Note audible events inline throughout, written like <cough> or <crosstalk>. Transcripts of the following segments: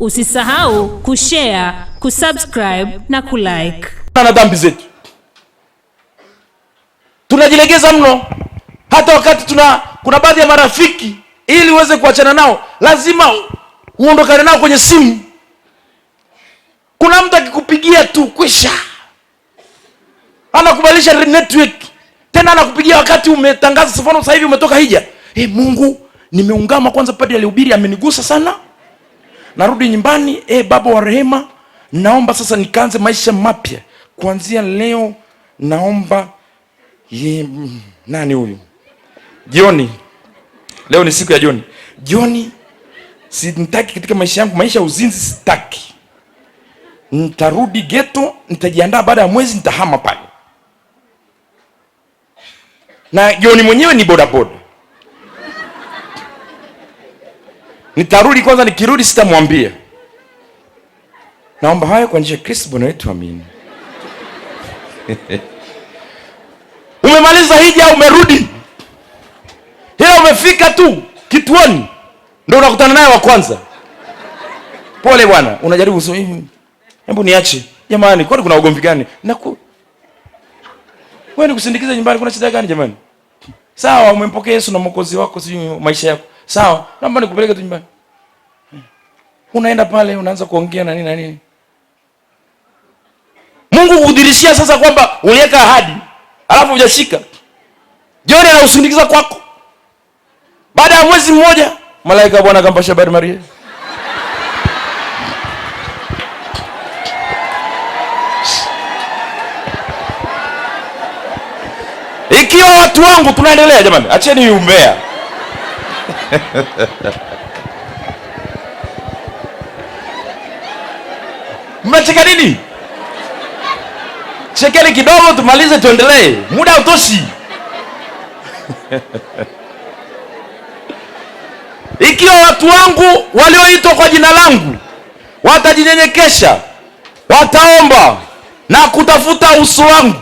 Usisahau kushare, kusubscribe na kulike. Na dhambi zetu tunajilegeza mno, hata wakati tuna kuna baadhi ya marafiki, ili uweze kuachana nao lazima uondokane nao kwenye simu. Kuna mtu akikupigia tu kwisha, anakubadilisha network tena, anakupigia wakati umetangaza, sasa hivi umetoka hija. Hey, eh, Mungu nimeungama kwanza, padi alihubiri amenigusa sana narudi nyumbani. E Baba wa rehema, naomba sasa nikaanze maisha mapya kuanzia leo. Naomba ye, nani huyu jioni Leo ni siku ya Joni. Joni, sitaki katika maisha yangu, maisha ya uzinzi sitaki. Nitarudi geto, nitajiandaa, baada ya mwezi nitahama pale. Na Joni mwenyewe ni bodaboda Nitarudi kwanza, nikirudi sitamwambia. Naomba hayo kwa njia ya Kristo Bwana wetu, amini. <laughs> Umemaliza hija, umerudi hila, umefika tu kituoni ndio unakutana naye wa kwanza. Pole bwana, unajaribu sio hivi, hebu niache jamani, kwani kuna ugomvi gani? Naku wewe nikusindikize nyumbani, kuna shida gani jamani? Sawa, umempokea Yesu na mwokozi wako, sijui maisha yako sawa, naomba nikupeleke tu nyumbani. Unaenda pale unaanza kuongea na nini na nini. Mungu kudirishia sasa kwamba uliweka ahadi alafu hujashika. Jioni anausindikiza kwako. Baada ya mwezi mmoja malaika Bwana akampasha habari Maria. Ikiwa watu wangu tunaendelea jamani, acheni umbea. Mmecheka nini? Chekeni kidogo tumalize, tuendelee, muda hautoshi. Ikiwa watu wangu walioitwa kwa jina langu watajinyenyekesha, wataomba na kutafuta uso wangu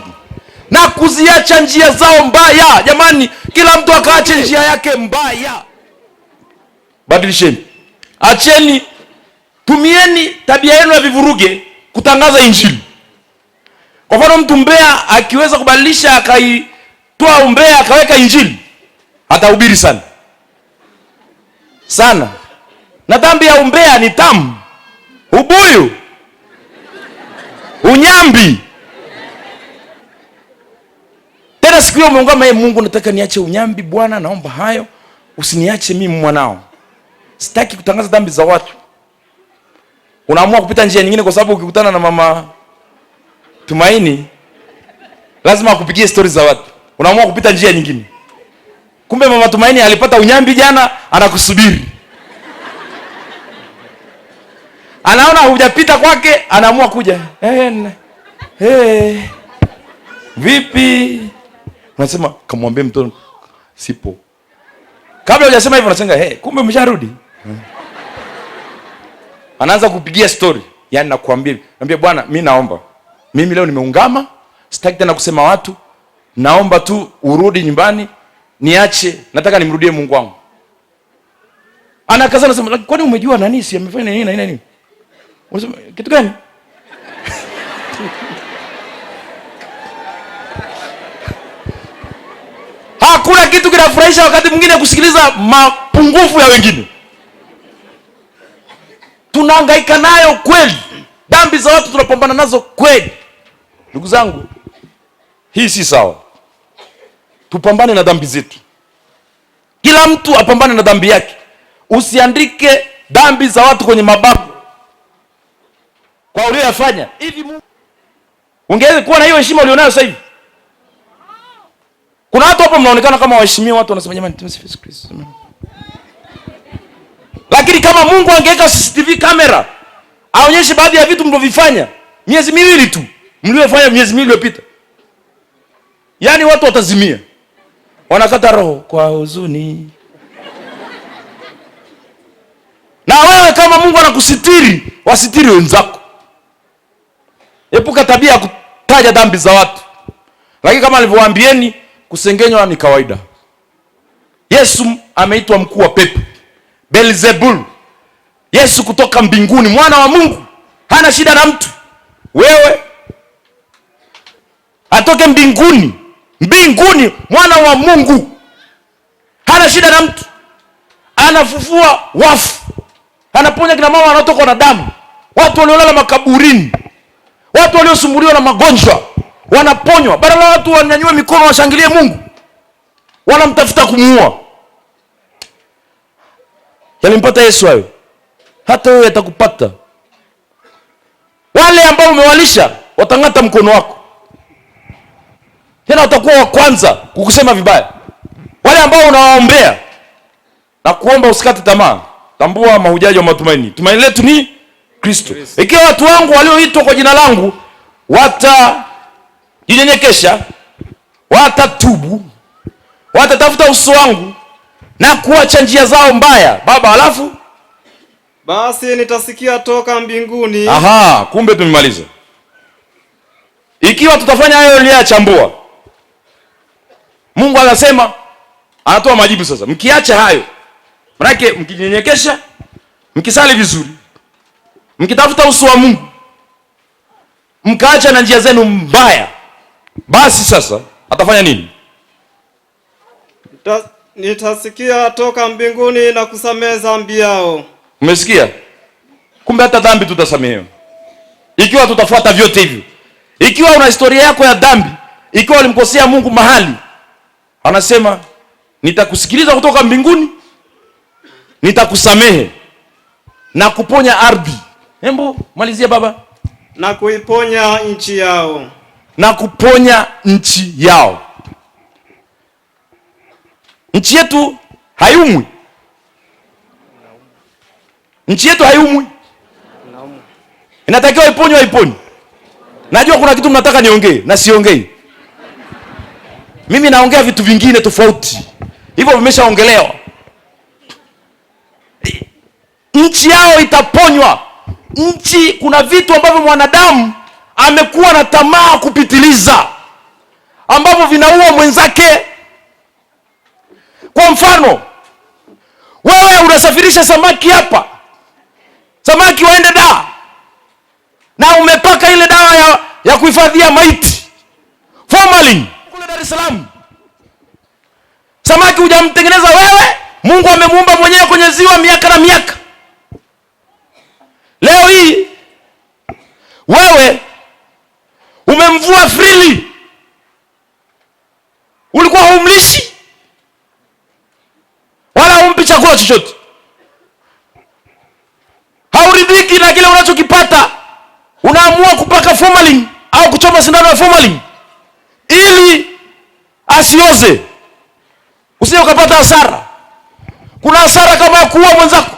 na kuziacha njia zao mbaya. Jamani, kila mtu akaache njia yake mbaya badilisheni, acheni, tumieni tabia yenu ya vivuruge kutangaza Injili. Kwa mfano, mtu mbea akiweza kubadilisha akaitoa umbea akaweka Injili, atahubiri sana sana, na dhambi ya umbea ni tamu, ubuyu, unyambi tena siku hiyo umeungama, Mungu nataka niache unyambi Bwana, naomba hayo usiniache mimi mwanao sitaki kutangaza dhambi za watu. Unaamua kupita njia nyingine, kwa sababu ukikutana na mama Tumaini lazima akupigie stori za watu, unaamua kupita njia nyingine. Kumbe mama Tumaini alipata unyambi jana, anakusubiri anaona hujapita kwake, anaamua kuja hey, eh, hey. Eh. Vipi? Unasema kamwambie mtoto sipo. Kabla hujasema hivyo, unasema hey, eh, kumbe umesharudi. Hmm. anaanza kupigia story. Yaani nakuambia, naambia bwana, mimi naomba, mimi leo nimeungama, sitaki tena kusema watu, naomba tu urudi nyumbani, niache, nataka nimrudie Mungu wangu. Anakaza nasema, kwani umejua nani si amefanya nini na nini? Unasema kitu gani? <laughs> Hakuna kitu kinafurahisha wakati mwingine kusikiliza mapungufu ya wengine tunaangaika nayo kweli, dhambi za watu tunapambana nazo kweli. Ndugu zangu, hii si sawa. Tupambane na dhambi zetu, kila mtu apambane na dhambi yake. Usiandike dhambi za watu kwenye mabango kwa ulioyafanya. Hivi ungeweza kuwa na hiyo heshima ulionayo sasa hivi? Kuna watu hapo mnaonekana kama waheshimiwa, watu wanasema jamani, tumsifu Yesu Kristo. Lakini kama Mungu angeweka CCTV kamera aonyeshe baadhi ya vitu mlivyofanya miezi miwili tu, mlivyofanya miezi miwili iliyopita, yaani watu watazimia, wanakata roho kwa huzuni. Na wewe kama Mungu anakusitiri, wasitiri wenzako. Epuka tabia ya kutaja dhambi za watu, lakini kama alivyowaambieni, kusengenywa ni kawaida. Yesu ameitwa mkuu wa pepo. Beelzebul. Yesu kutoka mbinguni, mwana wa Mungu, hana shida na mtu. Wewe atoke mbinguni, mbinguni, mwana wa Mungu, hana shida na mtu, anafufua wafu, anaponya kina mama wanaotokwa na damu, watu waliolala makaburini, watu waliosumbuliwa na magonjwa wanaponywa. Badala watu wanyanyue mikono washangilie Mungu, wanamtafuta kumuua. Yalimpata Yesu hayo. Hata wewe atakupata. Wale ambao umewalisha watang'ata mkono wako, tena watakuwa wa kwanza kukusema vibaya. Wale ambao unawaombea na kuomba, usikate tamaa. Tambua mahujaji wa matumaini, tumaini letu ni Kristo. Ikiwa watu wangu walioitwa kwa jina langu watajinyenyekesha, watatubu, watatafuta uso wangu na kuacha njia zao mbaya. Baba, halafu basi nitasikia toka mbinguni. Aha, kumbe tumemaliza. Ikiwa tutafanya hayo liyachambua Mungu anasema, anatoa majibu sasa. Mkiacha hayo, manake mkinyenyekesha, mkisali vizuri, mkitafuta uso wa Mungu, mkaacha na njia zenu mbaya, basi sasa atafanya nini? nitasikia toka mbinguni na kusamehe dhambi yao. Umesikia? Kumbe hata dhambi tutasamehewa ikiwa tutafuata vyote hivyo. Ikiwa una historia yako ya dhambi, ikiwa ulimkosea Mungu mahali, anasema nitakusikiliza kutoka mbinguni, nitakusamehe na kuponya ardhi. Hembo malizia baba, na kuiponya nchi yao, na kuponya nchi yao. Nchi yetu haiumwi, nchi yetu haiumwi, inatakiwa iponywe, haiponywi. Najua kuna kitu mnataka niongee na siongei mimi, naongea vitu vingine tofauti, hivyo vimeshaongelewa. Nchi yao itaponywa. Nchi kuna vitu ambavyo mwanadamu amekuwa na tamaa kupitiliza, ambavyo vinaua mwenzake umewalisha samaki hapa, samaki waende daa, na umepaka ile dawa ya, ya kuhifadhia maiti formalin kule Dar es Salaam. Samaki hujamtengeneza wewe, Mungu amemuumba mwenyewe kwenye ziwa miaka na miaka. Leo hii wewe umemvua frili, ulikuwa haumlishi wala humpi chakula chochote formalin au kuchoma sindano ya formalin ili asioze, usije ukapata hasara. Kuna hasara kama ya kuua mwenzako,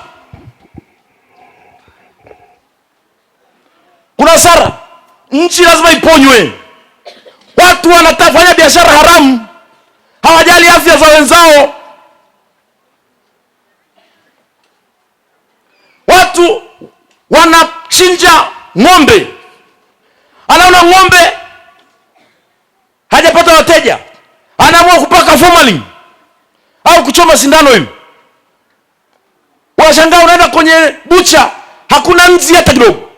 kuna hasara. Nchi lazima iponywe. Watu wanafanya biashara haramu, hawajali afya za wenzao. Watu wanachinja ng'ombe anaona ng'ombe hajapata wateja, anaamua kupaka formalin au kuchoma sindano hivi. Washangaa, unaenda kwenye bucha hakuna nzi hata kidogo.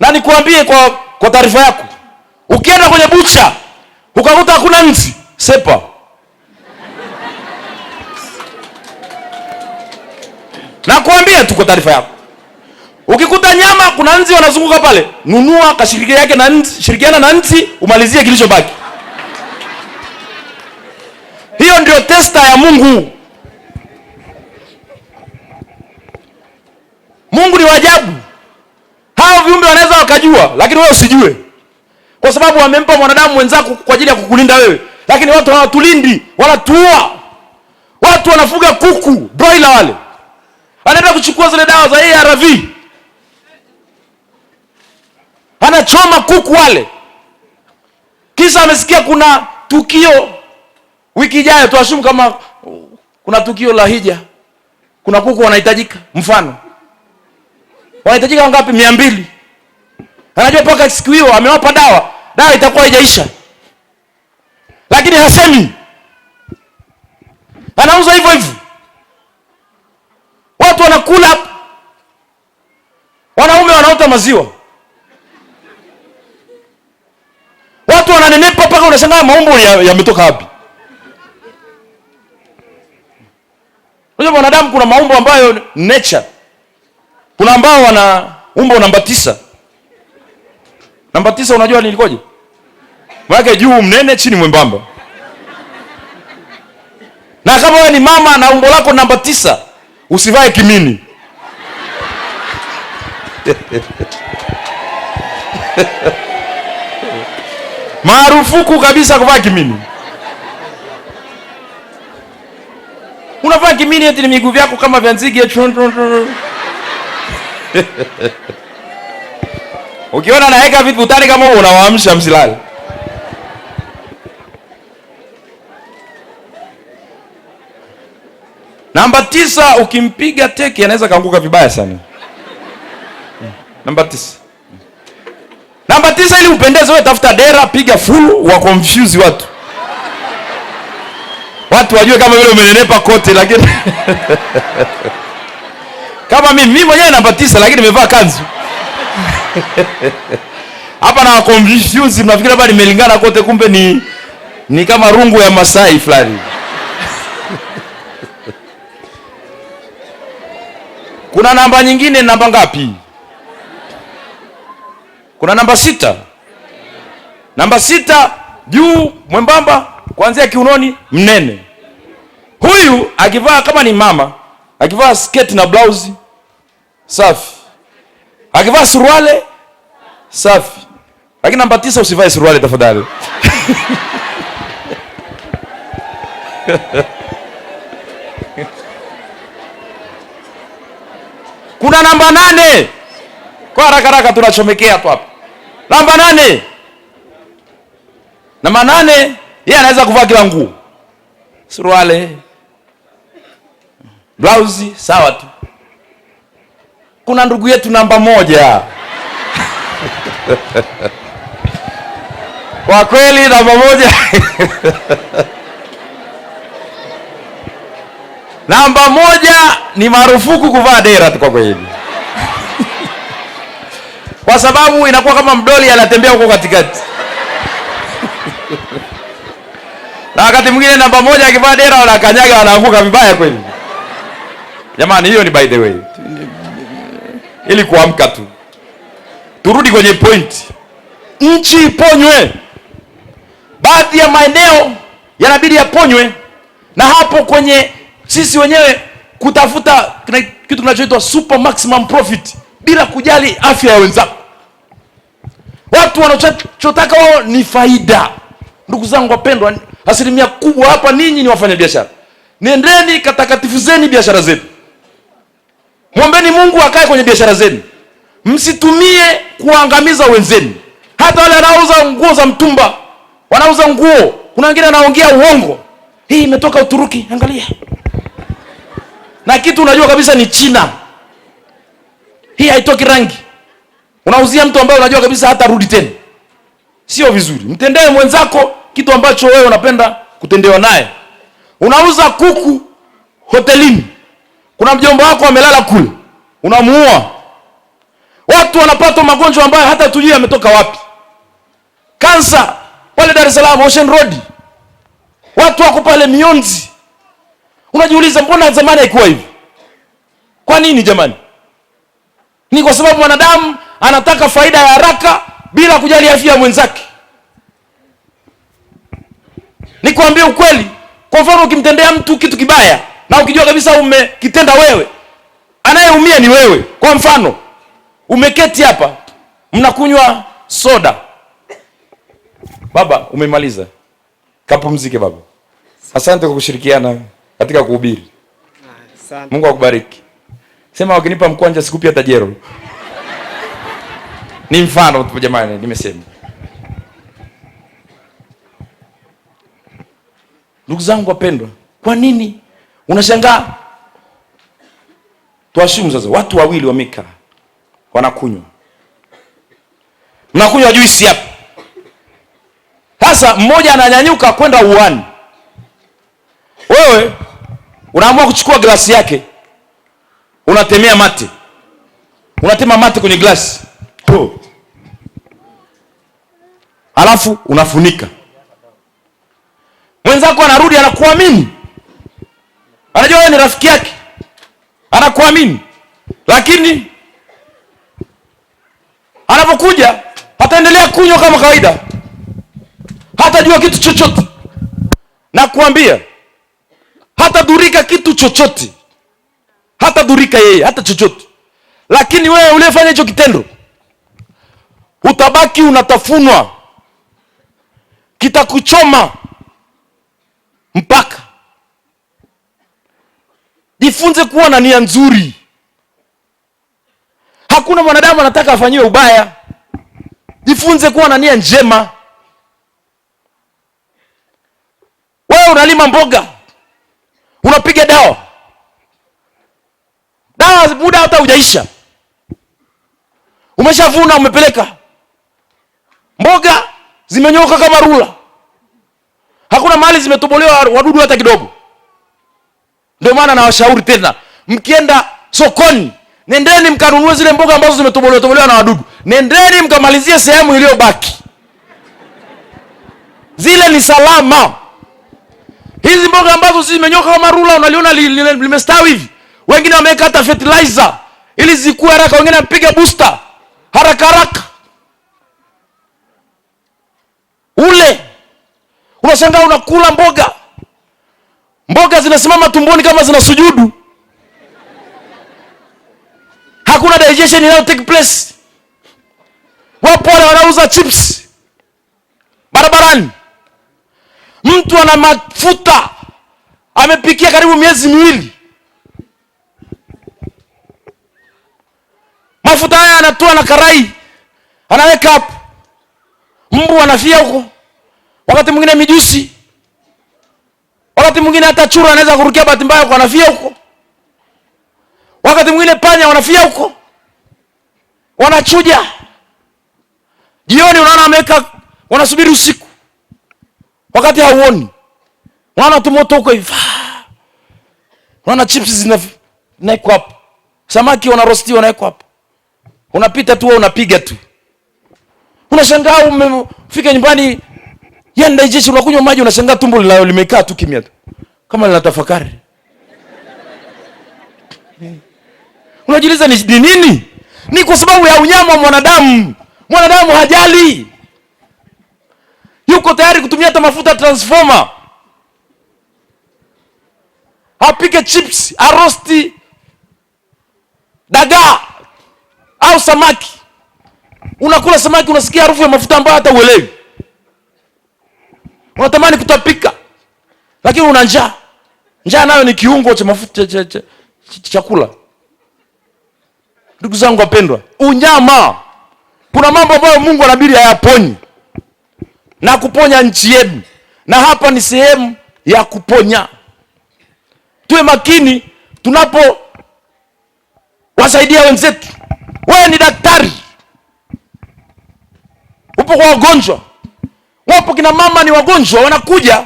Na nikuambie kwa, kwa taarifa yako, ukienda kwenye bucha ukakuta hakuna nzi, sepa nakuambia tu kwa taarifa yako. Ukikuta nyama kuna nzi wanazunguka pale, nunua kashiriki yake na nzi, shirikiana na nzi umalizie kilichobaki. Hiyo ndio testa ya Mungu. Mungu ni wajabu. Hao viumbe wanaweza wakajua, lakini wewe usijue, kwa sababu wamempa mwanadamu mwenzako kwa ajili ya kukulinda wewe, lakini watu hawatulindi, wanatuua. Watu wanafuga kuku broiler, wale wanaenda kuchukua zile dawa za ARV anachoma kuku wale, kisa amesikia kuna tukio wiki ijayo, tuashumu kama kuna tukio la hija, kuna kuku wanahitajika, mfano wanahitajika wangapi? mia mbili. Anajua mpaka siku hiyo amewapa dawa, dawa itakuwa haijaisha, lakini hasemi, anauza hivyo hivyo, watu wanakula, wanaume wanaota maziwa Watu wananenepa mpaka unashangaa maumbo yametoka ya wapi? Unajua wanadamu kuna maumbo ambayo nature. Kuna ambao wana umbo namba tisa. Namba tisa unajua nilikoje? Mwake juu mnene chini mwembamba. Na kama wewe ni mama na umbo lako namba tisa, usivae kimini. <laughs> Marufuku kabisa kuvaa kimini. Unavaa kimini eti ni miguu vyako kama vya nzige. Ukiona naweka vitu utani kama unawaamsha msilali. Namba tisa, ukimpiga teke anaweza kaanguka vibaya sana. Namba tisa. Namba tisa, ili upendeze wewe, tafuta dera, piga fulu wa confuse watu, watu wajue kama vile umenenepa kote, lakini <laughs> kama mimi mimi mwenyewe namba tisa, lakini nimevaa kanzu <laughs> hapa na confuse, mnafikiri labda nimelingana kote, kumbe ni ni kama rungu ya Masai fulani. <laughs> Kuna namba nyingine, namba ngapi? Kuna namba sita, namba sita juu mwembamba kuanzia kiunoni mnene. Huyu akivaa kama ni mama, akivaa sketi na blausi safi, akivaa suruale safi, lakini namba tisa, usivae suruale tafadhali. <laughs> Kuna namba nane, kwa haraka haraka tunachomekea tu hapa namba nane. Namba nane yeye anaweza kuvaa kila nguo, suruali, blausi, sawa tu. Kuna ndugu yetu namba moja <laughs> kwa kweli namba moja <laughs> namba moja ni marufuku kuvaa dera tu kwa kweli kwa sababu inakuwa kama mdoli anatembea huko katikati na wakati mwingine namba moja akivaa dera wanakanyaga wanaanguka vibaya kweli. Jamani, hiyo ni by the way, ili kuamka tu. Turudi kwenye point, nchi iponywe. Baadhi ya maeneo yanabidi yaponywe, na hapo kwenye sisi wenyewe kutafuta kitu kinachoitwa super maximum profit bila kujali afya ya wenzako. Watu wanachotaka wao ni faida. Ndugu zangu wapendwa, asilimia kubwa hapa ninyi ni wafanya biashara. Nendeni katakatifuzeni biashara zenu, mwombeni Mungu akae kwenye biashara zenu, msitumie kuangamiza wenzenu, hata wale wanaouza nguo za mtumba, wanauza nguo. Kuna wengine wanaongea uongo, hii imetoka Uturuki, angalia na kitu unajua kabisa ni China, hii haitoki rangi Unauzia mtu ambaye unajua kabisa hata rudi tena, sio vizuri. Mtendee mwenzako kitu ambacho wewe unapenda kutendewa naye. Unauza kuku hotelini, kuna mjomba wako amelala kule, unamuua. Watu wanapatwa magonjwa ambayo hata tujui ametoka wapi. Kansa pale Dar es Salaam Ocean Road, watu wako pale mionzi. Unajiuliza, mbona zamani haikuwa hivi? Kwa nini jamani? Ni kwa sababu mwanadamu anataka faida ya haraka bila kujali afya ya mwenzake. Nikwambie ukweli, kwa mfano ukimtendea mtu kitu kibaya na ukijua kabisa umekitenda wewe, anayeumia ni wewe. Kwa mfano umeketi hapa, mnakunywa soda. Baba umemaliza, kapumzike baba. Asante kwa kushirikiana katika kuhubiri. Mungu akubariki. Sema wakinipa mkwanja sikupi hata jero. Ni mfano tu jamani, nimesema. Ndugu zangu wapendwa, kwa nini unashangaa? Tuashumu sasa, watu wawili wamekaa wanakunywa, mnakunywa juisi hapa. Sasa mmoja ananyanyuka kwenda uani, wewe unaamua kuchukua glasi yake, unatemea mate, unatema mate kwenye glasi kioo, halafu unafunika. Mwenzako anarudi anakuamini, anajua wewe ni rafiki yake, anakuamini, lakini anapokuja ataendelea kunywa kama kawaida, hatajua kitu chochote. Nakuambia hatadhurika kitu chochote, hatadhurika yeye hata chochote, lakini wewe uliyefanya hicho kitendo utabaki unatafunwa, kitakuchoma mpaka. Jifunze kuwa na nia nzuri. Hakuna mwanadamu anataka afanyiwe ubaya. Jifunze kuwa na nia njema. Wewe unalima mboga, unapiga dawa, dawa muda hata hujaisha, umeshavuna, umepeleka Mboga zimenyoka kama rula, hakuna mali zimetobolewa wadudu hata kidogo. Ndio maana nawashauri tena, mkienda sokoni, nendeni mkanunue zile mboga ambazo zimetobolewa tobolewa na wadudu, nendeni mkamalizie sehemu iliyobaki, zile ni salama. Hizi mboga ambazo zimenyoka kama rula, unaliona limestawi hivi, wengine wameweka hata fertilizer ili zikue haraka, wengine wapiga booster haraka haraka ule. Unashangaa unakula mboga, mboga zinasimama tumboni kama zina sujudu, hakuna digestion inayo take place. Wapo wale wanauza chips barabarani, mtu ana mafuta amepikia karibu miezi miwili, mafuta haya anatoa na karai anaweka hapo mbu wanafia huko, wakati mwingine mijusi, wakati mwingine hata chura anaweza kurukia, bahati mbaya huko anafia huko, wakati mwingine panya wanafia huko, wanachuja jioni, unaona ameweka, wanasubiri usiku, wakati hauoni, unaona tu moto huko hivi, unaona chips zinaekwa hapo, samaki wanarosti wanaekwa hapo, unapita tu, wewe unapiga tu Unashangaa umefika nyumbani yenda jeshi unakunywa maji, unashangaa tumbo lilao limekaa tu kimya tu kama tafakari Unajiuliza ni nini? Ni kwa sababu ya unyama wa mwanadamu. Mwanadamu hajali, yuko tayari kutumia hata mafuta transformer, apike chips, arosti dagaa au samaki unakula samaki unasikia harufu ya mafuta ambayo hata uelewi, unatamani kutapika, lakini una njaa. Njaa nayo ni kiungo cha mafuta cha chakula. Ndugu zangu wapendwa, unyama, kuna mambo ambayo Mungu anabidi ayaponye na kuponya nchi yenu, na hapa ni sehemu ya kuponya. Tuwe makini tunapo wasaidia wenzetu. Wewe ni daktari Wapo kwa wagonjwa, wapo kina mama ni wagonjwa, wanakuja.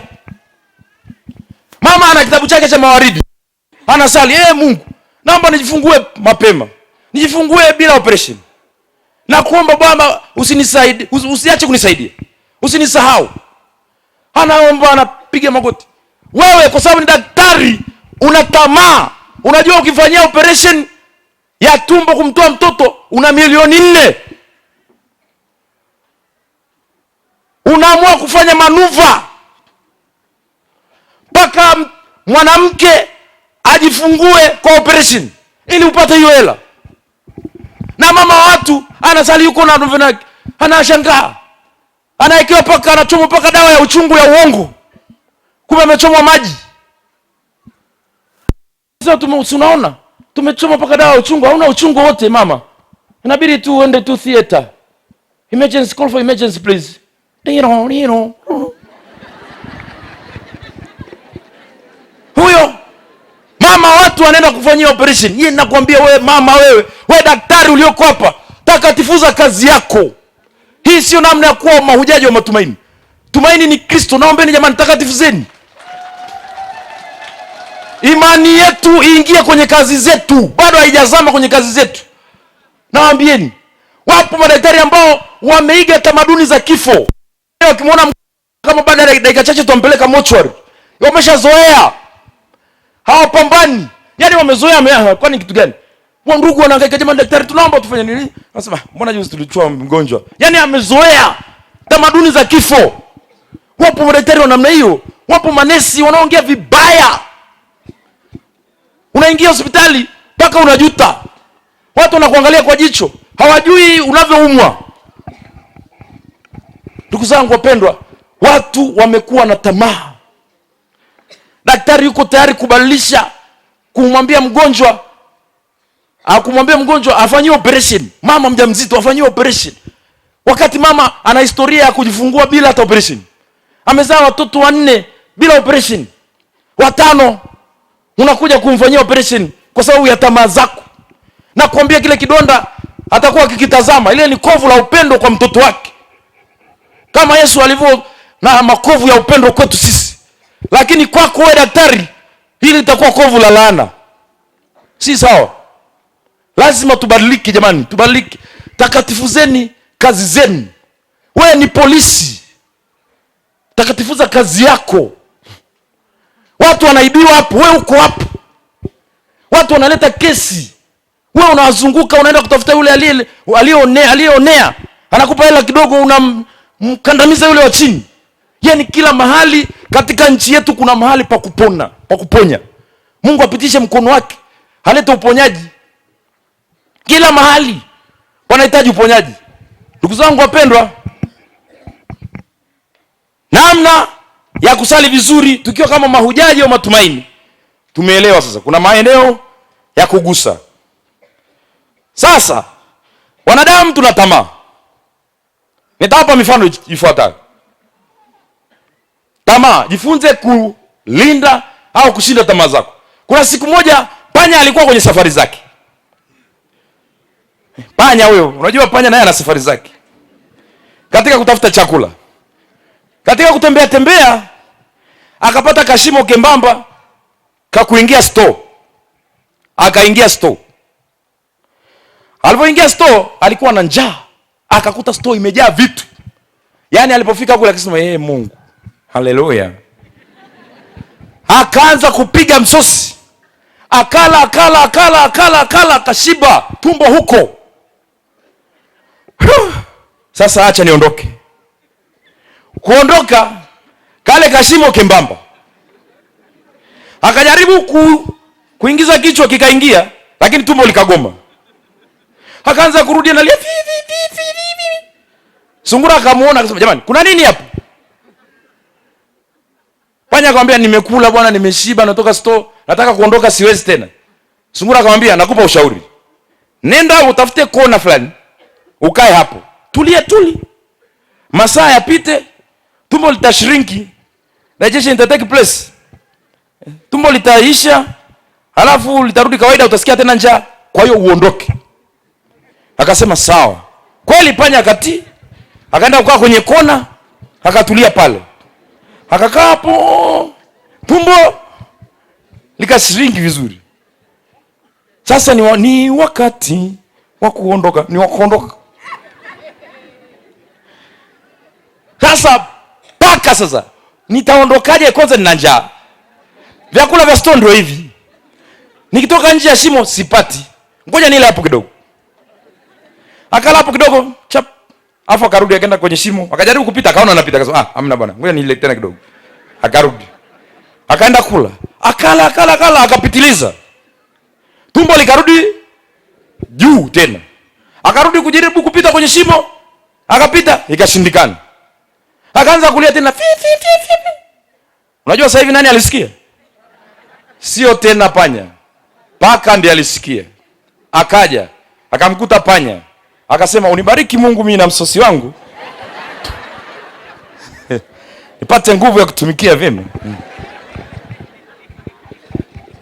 Mama ana kitabu chake cha mawaridi, anasali yeye, Mungu naomba nijifungue mapema, nijifungue bila operation, nakuomba Bwana usinisaidie, usiache kunisaidia, usinisahau. Anaomba, anapiga magoti. Wewe kwa sababu ni daktari, una tamaa, unajua ukifanyia operation ya tumbo kumtoa mtoto una milioni nne. unaamua kufanya manuva mpaka mwanamke ajifungue kwa operation ili upate hiyo hela, na mama watu anasali yuko na mvenaki, anashangaa anaekewa paka anachomwa paka dawa ya uchungu ya uongo, kumbe amechomwa maji. Sasa tunaona tumechomwa paka dawa ya uchungu, hauna uchungu wote mama, inabidi tu uende tu theater. Emergency, call for emergency please huyo mama, watu wanaenda kufanyia operation. Yeye nakwambia wewe mama, wewe we daktari ulioko hapa, takatifuza kazi yako. Hii sio namna ya kuwa mahujaji wa matumaini. Tumaini ni Kristo. Naombeni jamani, takatifuzeni imani yetu iingie kwenye kazi zetu, bado haijazama kwenye kazi zetu. Nawaambieni, wapo madaktari ambao wameiga tamaduni za kifo wakimwona kama baada ya dakika chache tumpeleka mochwari. Wameshazoea, hawapambani, yani wamezoea. Ah, kwani kitu gani? Wa ndugu wanahangaika, jamani, daktari, tunaomba tufanye nini? Nasema mbona juzi tulichua mgonjwa. yani amezoea tamaduni za kifo. Wapo madaktari wa namna hiyo, wapo manesi wanaongea vibaya. Unaingia hospitali mpaka unajuta, watu wanakuangalia kwa jicho, hawajui unavyoumwa ndugu zangu wapendwa, watu wamekuwa na tamaa. Daktari yuko tayari kubadilisha, kumwambia mgonjwa akumwambia mgonjwa afanyiwe operation, mama mjamzito afanyiwe operation, wakati mama ana historia ya kujifungua bila hata operation. Amezaa watoto wanne bila operation, watano. Unakuja kumfanyia operation kwa sababu ya tamaa zako, na kuambia kile kidonda atakuwa kikitazama ile ni kovu la upendo kwa mtoto wake kama Yesu alivyo na makovu ya upendo kwetu sisi, lakini kwako wewe daktari, hili litakuwa kovu la laana. Si sawa? Lazima tubadilike jamani, tubadilike. Takatifuzeni kazi zenu. Wewe ni polisi, takatifuza kazi yako. Watu wanaibiwa hapo, wewe uko hapo. Watu wanaleta kesi, wewe unawazunguka, unaenda kutafuta yule aliyeonea, aliyeonea anakupa hela kidogo, unam mkandamize yule wa chini. Yani kila mahali katika nchi yetu kuna mahali pa kupona, pa kuponya. Mungu apitishe mkono wake, alete uponyaji kila mahali, wanahitaji uponyaji. Ndugu zangu wapendwa, namna ya kusali vizuri tukiwa kama mahujaji au matumaini tumeelewa sasa. Kuna maeneo ya kugusa sasa. Wanadamu tuna tamaa Nitawapa mifano ifuatayo. Tamaa, jifunze kulinda au kushinda tamaa zako. Kuna siku moja panya alikuwa kwenye safari zake. Panya huyo, unajua panya naye ana safari zake katika kutafuta chakula, katika kutembea tembea, akapata kashimo kembamba ka kuingia store, akaingia store. Alipoingia store alikuwa na njaa akakuta store imejaa vitu. Yaani alipofika kule akasema yeye eh, Mungu. Haleluya. Akaanza kupiga msosi. Akala akala akala akala akala akashiba tumbo huko. Huh. Sasa acha niondoke. Kuondoka kale kashimo kembamba. Akajaribu ku, kuingiza kichwa kikaingia, lakini tumbo likagoma akaanza kurudi analia vi vi vi Sungura akamuona akasema, jamani, kuna nini hapo? Panya akamwambia, nimekula bwana, nimeshiba, natoka store, nataka kuondoka, siwezi tena. Sungura akamwambia, nakupa ushauri, nenda utafute kona fulani ukae hapo, tulia tuli, masaa yapite, tumbo litashrinki, digestion ita take place, tumbo litaisha, halafu litarudi kawaida, utasikia tena njaa, kwa hiyo uondoke. Akasema sawa. Kweli panya akati akaenda kukaa kwenye kona, akatulia pale, akakaa hapo, tumbo likasiringi vizuri. Sasa ni, wa, ni wakati wa kuondoka, ni wa kuondoka sasa. Paka sasa, nitaondokaje? Kwanza nina njaa, vyakula vya store ndio hivi, nikitoka nje ya shimo sipati, ngoja nile hapo kidogo. Akala hapo kidogo chap. Afu akarudi akaenda kwenye shimo. Akajaribu kupita akaona anapita akasema ah, amna bwana. Ngoja nile tena kidogo. Akarudi. Akaenda kula. Akala akala akala akapitiliza. Tumbo likarudi juu tena. Akarudi kujaribu kupita kwenye shimo. Akapita ikashindikana. Akaanza kulia tena fi fi fi fi. Unajua sasa hivi nani alisikia? Sio tena panya. Paka ndiye alisikia. Akaja akamkuta panya akasema unibariki Mungu mimi na msosi wangu <laughs> nipate nguvu ya kutumikia vyema. Hmm.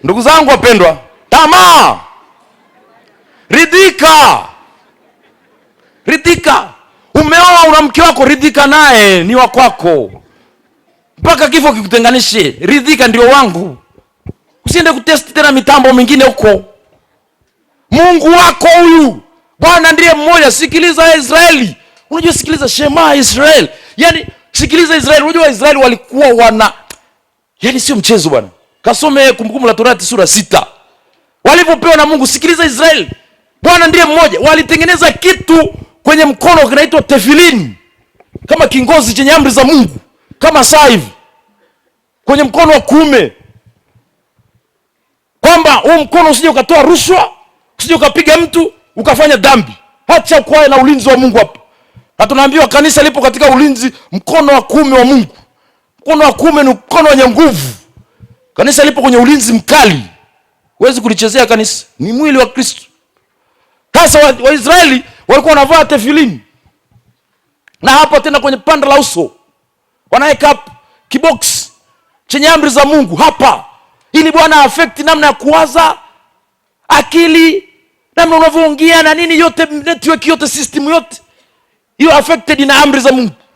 Ndugu zangu wapendwa, tamaa, ridhika, ridhika. Umeoa, una mke wako, ridhika naye, ni wa kwako mpaka kifo kikutenganishe. Ridhika, ndio wangu. Usiende kutesti tena mitambo mingine huko. Mungu wako huyu Bwana ndiye mmoja. Sikiliza Israeli, unajua sikiliza, shema Israel, yani sikiliza Israeli. Unajua Waisraeli walikuwa wana, yani sio mchezo bwana. Kasome Kumbukumbu la Torati sura sita walivyopewa na Mungu. Sikiliza Israeli, Bwana ndiye mmoja. Walitengeneza kitu kwenye mkono kinaitwa tefilini, kama kingozi chenye amri za Mungu, kama saa hivi kwenye mkono wa kuume, kwamba huu mkono usije ukatoa rushwa, usije ukapiga mtu ukafanya dhambi, hacha kwae na ulinzi wa Mungu hapa Na tunaambiwa kanisa lipo katika ulinzi, mkono wa kuume wa Mungu. Mkono wa kuume ni mkono wenye nguvu. Kanisa lipo kwenye ulinzi mkali, huwezi kulichezea kanisa, ni mwili wa Kristo. Sasa Waisraeli wa walikuwa wanavaa tefilini na hapa tena kwenye panda la uso wanaweka kiboksi chenye amri za Mungu hapa, ili Bwana afekti namna ya kuwaza akili namna unavyoongea na nini, yote network yote system yote you affected na amri za Mungu.